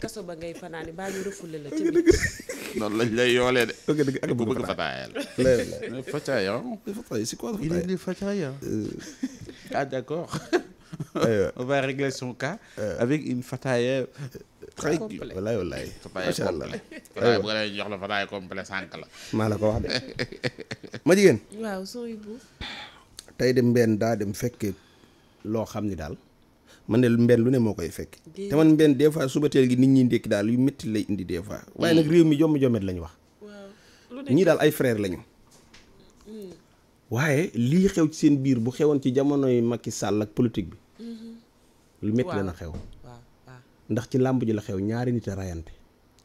kaso ba ngay fanaani baa ñu rëfule la ci noonu lañ lay yoolee de. bëgg dëgg ak bëgg fataaya. fataaya c'est quoi fataaya. il est fataaya. Euh. ah d'accord. fataaya. très complet walaay walaay. macha allah jox la fataaya complet sànq la. maa la ko wax de. ma jigéen. tey de mbenn daa dem fekkee loo xam ni daal. man ne mbenn lu ne moo koy fekk te man mbenn des fois suba teel gi nit ñi ndékki daal yu métti lay indi des fois waaye nag réew mi jomm jommet lañ wax ñii daal ay frère lañu mm. waaye lii xew ci seen biir bu xewoon ci jamonoy Macky sàll ak politique bi mm-hmm. lu métti la na xew ndax ci làmb ji la xew ñaari nit a rayante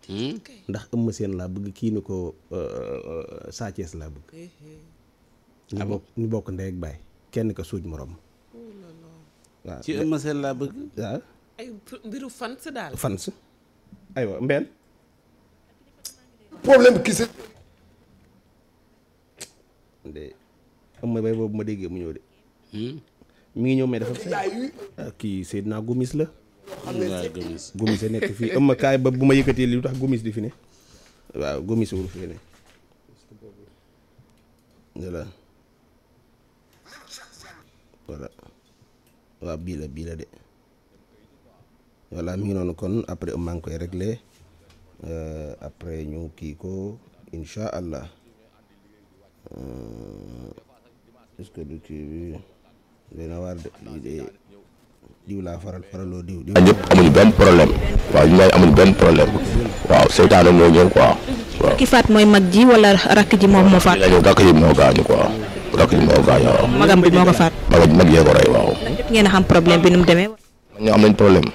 mm. ndax ëmm seen laa bëgg kii ni ko euh, euh, Sa Thiès laa bëgg eh, eh. Ah ñu bokk ndey ak baay kenn ka suuj moroom waaw laa bëgg. waaw mbiru fans daal. fans aywa mbenn problème kii sax. de am na bay boobu ma déggee mu ñëw de. Hmm? mi ngi ñëw mais dafa. Ah, kii naa gumis la. xam nga Gomis Gomis a nekk fii ëmma kaay ba bu ma yëkkatee li lu tax Gomis di fi ne. waaw Gomis wu fi ne. voilà. waaw bii la bii de voilà mi ngi noonu kon après maa koy réglé euh, après ñu kii ko incha allah euh, est-ce que du kii bi dina war de lii faral faraloo diw. ñëpp amuñu benn problème waaw ñu amuñu benn problème waaw seytaane moo ñëw quoi. waaw ki faat mooy mag ji wala rakk ji moom moo faat. rakk ji moo gaañu quoi. rakk ji moo gaañoo waaw. magam bi moo ko faat. magam mag yee ko rey waaw. ngeen xam problème bi nu mu demee. ñoo am nañ problème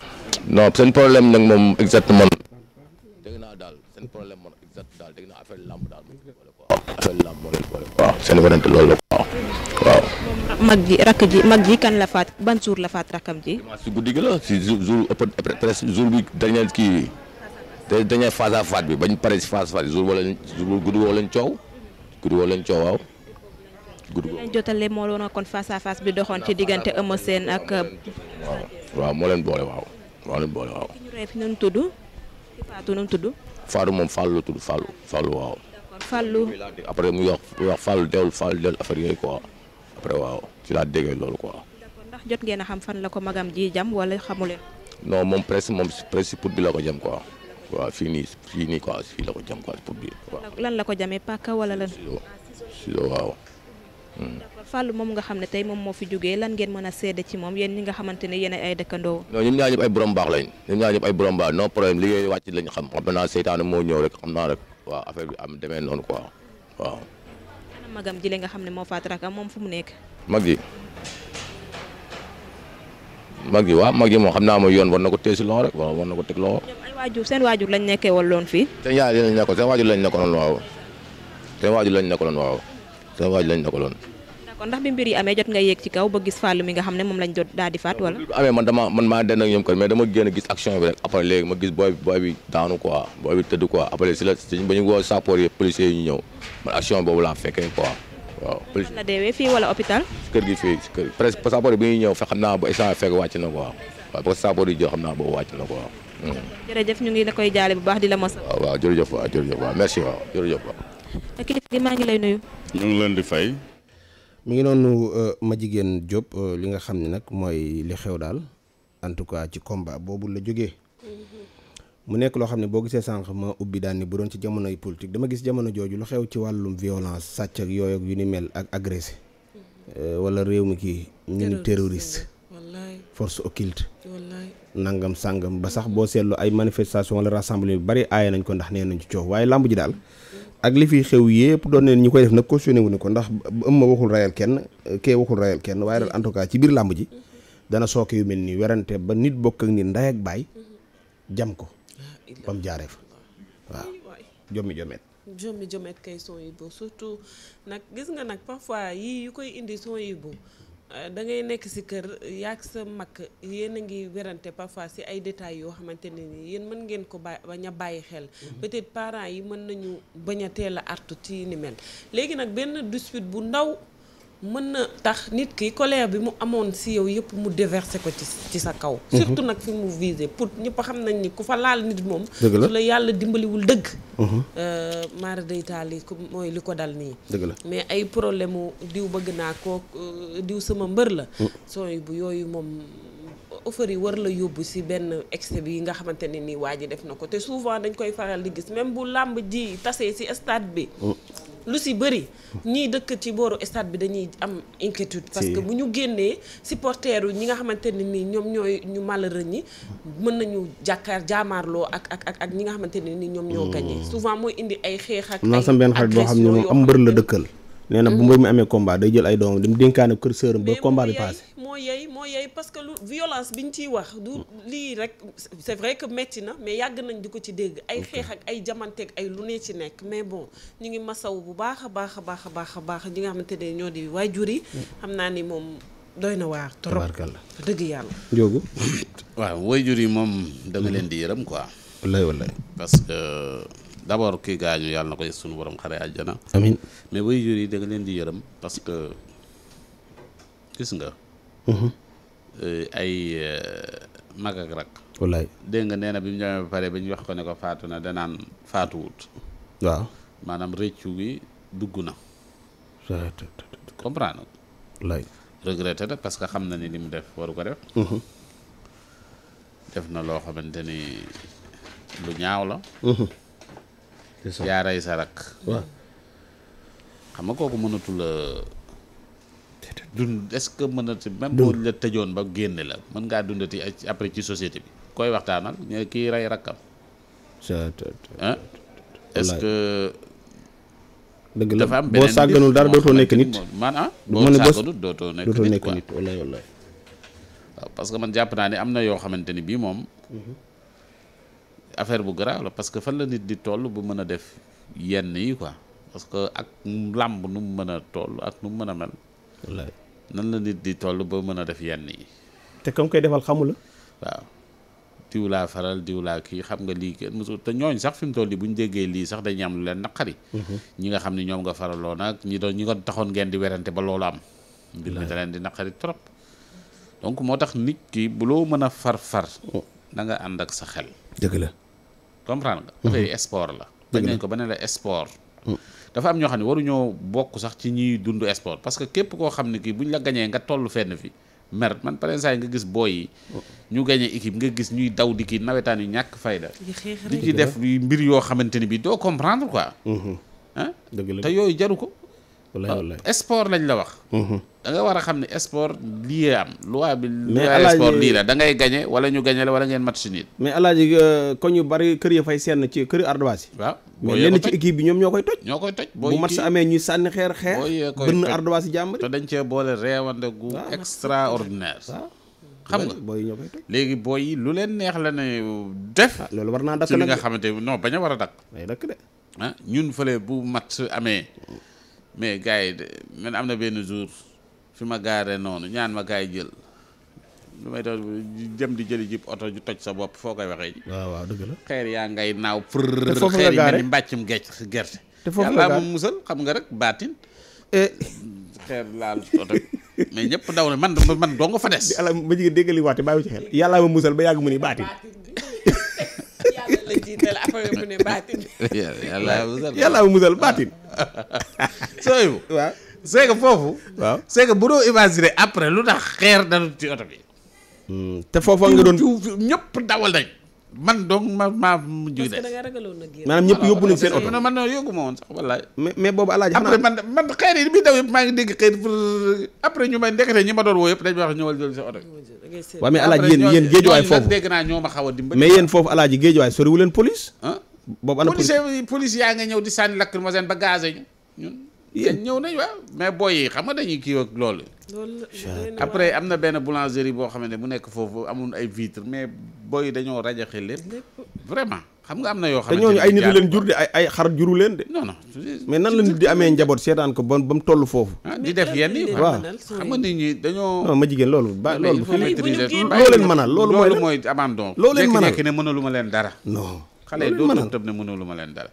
non seen problème nag moom naa daal seen problème moom exact daal daal. waaw affaire lamb moo leen seen warante loolu la waaw waaw. mag ji rakk ji mag ji kan la faat ban jour la faat rakkam ji. si guddi gi la si jour jour ëpp jour bi dañu kii te dañu face à bi bañ pare si face à face jour boo leen jour guddi woo leen coow guddi woo leen coow waaw. gudd googu leen jotale moo doon kon face à face bi doxoon ci diggante Eumeu Sène ak. waaw waaw moo leen boole waaw moo leen boole waaw. ki ñu rey fi nu mu tudd ki Fatou nu mu tudd. Fatou moom Fallou la tudd Fallou Fallou waaw. d'accord Fallou. après mu wax mu wax Fallou deewul Fallou deewul affaire yooyu quoi après waaw ci laa déggee loolu quoi. d'accord ndax jot ngeen a xam fan la ko magam ji jam wala xamu leen. non moom presque moom presque put bi la ko jam quoi. waaw fii nii fii nii quoi fii la ko jam quoi put bi. waaw lan la ko jamee paaka wala lan. waaw. d'accord Fallou moom nga xam ne tey moom moo fi jógee lan ngeen mën a seede ci moom yéen ñi nga xamante ne yéen ay dëkkandoo non ñun ñaa ñëpp ay borom baax lañ ñun ñaa ñëpp ay borom baax non problème liggéey wàcc lañ xam moo ñëw rek xam naa am demee noonu quoi waaw magam ji nga xam ne moo faat rakam moom fu mu nekk mag ji mag yi waaw mag yi moom xam naa mooy yoon war na ko téye si rek waaw na ko teg loxo. ay waajur seen waajur lañ nekk woon loon fii. seen yaay lañ nekkoon seen waajur lañ nekkoon waaw seen waajur lañ nekkoon waaw seen waajur lañ nekkoon kon ndax bi mbir yi amee jot nga yéeg ci kaw ba gis fàllu mi nga xam ne moom lañ daal di faat wala amee man maa den ak ñoom kon mais dama génn gis action bi rek après léegi ma gis booy booy bi daanu quoi booy bi tëdd quoi après si la boobu laa fekkee quoi waaw police la deewee fii wala hôpital si kër gi fii si kër presque passeport bi ñuy ñëw fe xam naa bu échange fekk wàcc na quoi waaw passeport yi jox xam naa boobu wàcc na quoi hmm. jërëjëf ñu ngi la koy jaale bu baax di la mos waaw waaw jërëjëf waaw jërëjëf waaw merci waaw jërëjëf waaw kilifa gi maa ngi lay nuyu ñu ngi mi ngi noonu euh, ma jigéen Diop euh, li nga xam ne nag mooy li xew daal en tout cas ci combat boobu la jógee. Mm-hmm. mu nekk loo xam ne boo gisee sànq ma ubbi daan ni bu doon ci jamonoy politique dama gis jamono jooju lu xew ci wàllum violence sàcc ak yooyu ak yu ni mel ak agressé. Mm-hmm. Euh, wala réew mi kii ñu ni terroriste. force occulte. nangam sàngam ba sax mm-hmm. boo seetlu ay manifestation wala rassemblement bi bari aaye nañ ko ndax nee nañ ci coow waaye làmb ji daal. ak li fi xew yépp doon neen ñi koy def nag cautionné wu ne ko ndax ëmma waxul rayal kenn kee waxul rayal kenn waaye daal en tout cas ci biir làmb ji dana sooke yu mel nii werante ba nit bokk ak nit nday ak baay jam ko ba mu jaaree fa waaw jommi jomet jommi jomet kay son yi surtout nag gis nga nag parfois yii yu koy indi son yi Euh, da ngay nekk si kër yaag sa mag yéen a ngi werante parfois si ay détails yoo xamante ne ni yéen mën ngeen ko bañ a bàyyi xel. Mhm. peut-être parents yi mën nañu bañ a teel a artu ci ni léegi nag benn dispute bu ndaw. mën na tax nit ki colère bi mu amoon si yow yëpp mu déversé ko ci ci sa kaw. Mhm. surtout nag fi mu visé pour ñëpp xam nañ ni ku fa laal nit moom. dëgg la su la yàlla dimbaliwul dëgg. maara day taal yi mooy li ko dal nii. mais ay problème mu diw bëgg naa ko euh, diw sama mbër la. Mhm. sooy bu yooyu moom. offre yi war la yóbbu si benn excès bi yi nga xamante ne nii waa ji def na ko te souvent dañ koy faral di gis même bu làmb ji tasee si stade bi. Mhm. lu si bëri ñiy dëkk ci booru stade bi dañuy am inquiétude parce que bu ñu génnee supporteru ñi nga xamante ne nii ñoom ñooy ñu malheureux ñi mën nañu jàkkaar jaamaarloo ak ak ak ñi nga xamante ne nii ñoom ñoo gañ hmm. gagné souvent mooy indi ay xeex ak am na sama benn xarit boo xam ne moom am mbër la dëkkal nee na bu mhm. mbër mi amee combat day jël ay doomam dem dénkaane kër sëram ba combat bi passé moo yey moo yey parce que lu violence bi ñu ciy wax du mm. lii rek c'est vrai que métti na mais yàgg nañ di ko ci dégg ay xeex ay jamanteeg ay lu ne ci nekk mais bon ñu ngi masaw bu baax a baax a baax a baax a baax ñi nga xamante ne ñoo di waajur yi mm. xam naa ni moom doy na waar trop dëgg yàlla njóogu waaw waajur yi moom da nga mm-hmm. leen di yërëm quoi wallaay wallaay parce d' abord kii gaañu yàlla na koy sunu borom xare àjjana. amiin mais way jur yi da leen di yërëm parce que gis nga. Mhm. Eh, ay eh, mag ak rak. wallaay dégg nga nee na bi mu demee ba pare ba ñu wax ko ne ko faatu na danaan faatuwut. waaw maanaam rëccu gi dugg na. comprendre wallaay regretté na parce que xam na ni li mu def waru ko def. Mhm. def na loo xamante ni lu ñaaw la. Mhm. yaa rey sa rakk waaw kooku mënatu la dund est-ce que mën na si même la tëjoon ba génne la mën ngaa dundati après ci société bi koy waxtaanal ñu kii rey rakkam ah est-ce que dafa am beneen boo sàgganul dara dootoo nekk nit maanaam ah, boo sàgganul dootoo nekk nit quoi waaw parce man jàpp naa ne am na yoo xamante ni bii moom mhm. affaire bu grave la parce que fan la nit di tollu bu mën a def yenn yi quoi parce que ak làmb nu mu mën a toll ak nu mu mën a mel. wallaay nan la nit di toll ba mën a def yenn yi. te comme koy defal xamula waaw diw laa faral laa kii xam nga lii kenn te ñooñ sax fi mu toll nii bu ñu déggee lii sax dañuy am lu leen naqari. Mhm. ñi nga xam ne ñoom nga faraloo nag ñi doon ñi ko taxoon ngeen di werante ba loolu am. mbir mi da leen di naqari trop. donc moo tax nit ki bu loo mën a far far. Oh. na nga ànd ak sa xel. dëgg la. comprendre nga. dafay mhm. sport la. dëgg nañ ko ba ne la sport. Mhm. dafa am ñoo xam ne waruñoo bokk sax ci ñiy dund sport parce que képp koo xam ne kii buñ la gañee nga toll fenn fi mer man par exemple nga gis booy yi. Mhm. ñu gañe équipe nga gis ñuy daw di kii nawetaan yu ñàkk fayda. di ci def mbir yoo xamante ni bi doo comprendre quoi. dëgg la te yooyu jaru ko. wallaay wallaay sport lañ la wax. danga war a xam ne sport lii am loi bi. mais alaaji sport lii la da ngay gagné wala ñu gagné la wala ngeen match nit. mais ji ko ñu bari kër ya fay seen ci kër Ardoise yi. waaw mais lenn ci équipe bi ñoom ñoo koy toj. ñoo koy toj bu match amee ñuy sànni xeer xeer. boo bënn Ardoise yi jàmbari. te dañ cee boole réewande gu extraordinaire. xam nga booy ñoo koy toj léegi booy yi lu leen neex la ne def. Ah, loolu war naa dakk ci li nga xamante ne non bañ a war a dakk. day dakk de. ah ñun fële bu match amee mais gars yi man am na benn jour fi ma gaare noonu ñaan ma kaay jël lu may tax jëm di jëli jib oto ju toj sa bopp foo koy waxee ji waaw waaw dëgg la xeer yaa ngay naaw për xeer yi mel ni mbàccum gerte yàlla musal xam nga rek baatin eh. xeer laal oto mais ñëpp daw na man man doo nga fa des yàlla ma jigéen déggali waate bàyyi musal ba yàgg mu ni baatin yàlla ma musal baatin sooyu waaw c'est que foofu. waaw c'est bu doo imaginer après lu tax xeer dalu ci oto bi. Hmm, te foofa nga doon ñëpp dawal nañ. man donc ma ma mujj de. parce que da yóbbu nañ seen oto. man non yóbbu ma woon sax wallaay. mais yi bi daw ñi ma doon woo yëpp dañ ma wax ñëwal jël sa oto bi. ma xaw foofu alaaji géejuwaay soriwu police. boobu ana police police yaa nga ñëw di sànni lacrymogène ba gazé ñun. ñëw nañ waaw mais booy yi xam nga dañuy kii ak loolu. après am na benn boulangerie boo xam ne mu nekk foofu amul ay vitre mais booy yi dañoo rajaxe lépp vraiment xam nga am na yoo. xam ne ñooñu ay nit leen ay xar juru leen de. non non di amee njaboot seetaan ko ba ba mu toll foofu. Ah, di def yenn yi waaw xam nga nit ñi dañoo. ma jigéen loolu ba loolu. loolu mooy loolu mooy abandon. loo leen mënal leen dara. non xale yi doo tëb ne mënaluma leen dara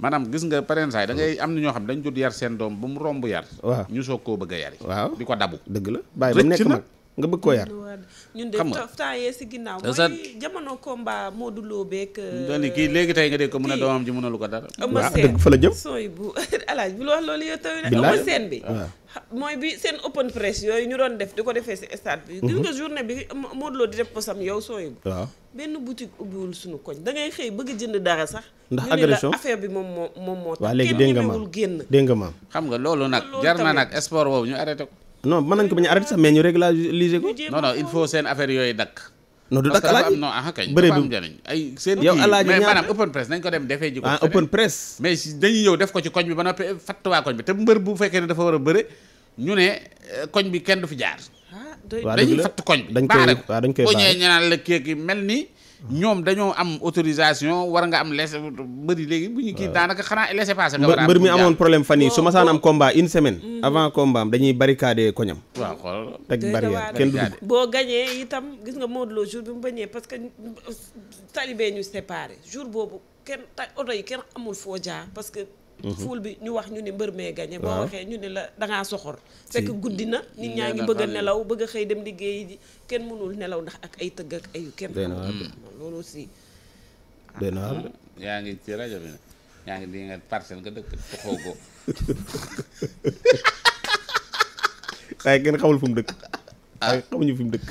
maanaam gis nga parents yi da ngay mm. am na ñoo xam dañ jot yar seen doom ba mu romb yar. waaw ñu soog koo bëgg a yari. waaw di ko dabu. dëgg la bàyyi ba mu mag nga bëgg koo yar. ñun de temps yee si ginnaaw mooy jamono combat Modou Lo beeg euh, dooni kii léegi tey nga dégg ko mun a doomam ji mënalu ko dara Eumeu ah, Sène fa la jëm sooy bu alaaj bu la wax loolu yow tawi nag Eumeu Sène bi ah. mooy bi seen open yooyu ñu doon def di ko defee si state bi gis mhm. nga journée bi Modou Lo di def posam yow sooy bu waaw benn boutique ubbiwul suñu koñ da ngay xëy bëgg jënd dara sax ndax agression affaire bi moom moo moom moo tax léegi dégg nga maam dégg nga maam xam nga loolu nag jar na nag sport boobu ñu arrêté ko no mën nañ ko bañ a arrêté sax mais ñu régulariser ko. non non seen affaire yooyu dakk non du dakk alaaji non ah kay bëri am seen yow alaaji mais ko dem defee ji ko ah open press mais dañuy ñëw def ko ci koñ bi ba noppi fatt waa koñ bi te mbër bu fekkee ne dafa war a bëre ñu ne eh, koñ bi kenn du fi jaar ah, dañuy fatt koñ bi baare ko waaw dañ koy baare mel ni ñoom dañoo am autorisation war nga am laissez bëri léegi bu ñu kii daanaka xanaa laissez passer nga war a mbër mi amoon problème fan yi su ma saan am combat une semaine mm. avant combat am dañuy barricade koñam waaw xool boo gañee itam gis nga Modou Lo jour bi mu bañee parce que talibé ñu séparé jour boobu kenn oto yi kenn amul foo jaar parce que Mm-hmm. fuul bi ñu wax ñu ni mbër mee gañe boo waxee ñu ne la dangaa soxor fekk guddi na nit ñaa ngi bëgg nelaw bëgg xëy dem liggéey ji kenn mënul nelaw ndax ak ay tëgg ak ayu kenn loolu aussi hmm? ngi ci rajo bi nag yaa ngi di nga parcelle dëkk toxoo ko kenn xamul fu mu dëkk ah. waaye dëkk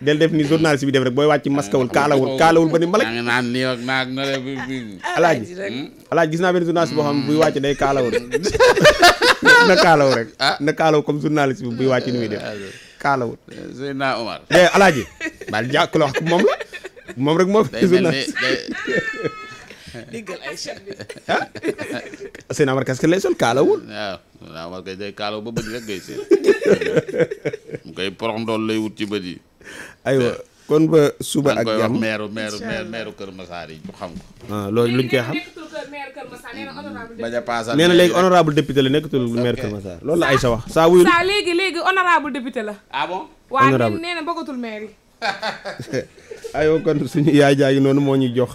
del def ni journaliste bi def rek booy wàcc maskawul kaalawul kaalawul ba ni malak naan nii ak naag na alaaj alaaj hmm? gis naa benn journaliste boo xam buy wàcc day kaalawu rek na kaalaw rek ah. na kaalaw comme journaliste bi buy wàcc ni muy def ah, kaalawul Seydina Omar eh, alaaji baal jàkk la wax moom la moom rek moo fi journaliste déggal ay chef bi. ah seen amar casque lay sol kaalawul. waaw seen amar casque day kaalaw ba mu koy porox ndool lay wut ci bët yi. aywa kon ba suba ak jàmm meeru meeru Kër Massar yi ñu xam ko. Ah, loolu luñ koy xam. bañ a paasal nee la nekkatul maire wax saa wuyu. saa la. ah bon honorable waaw nee na bëggatul yi. noonu moo ñuy jox.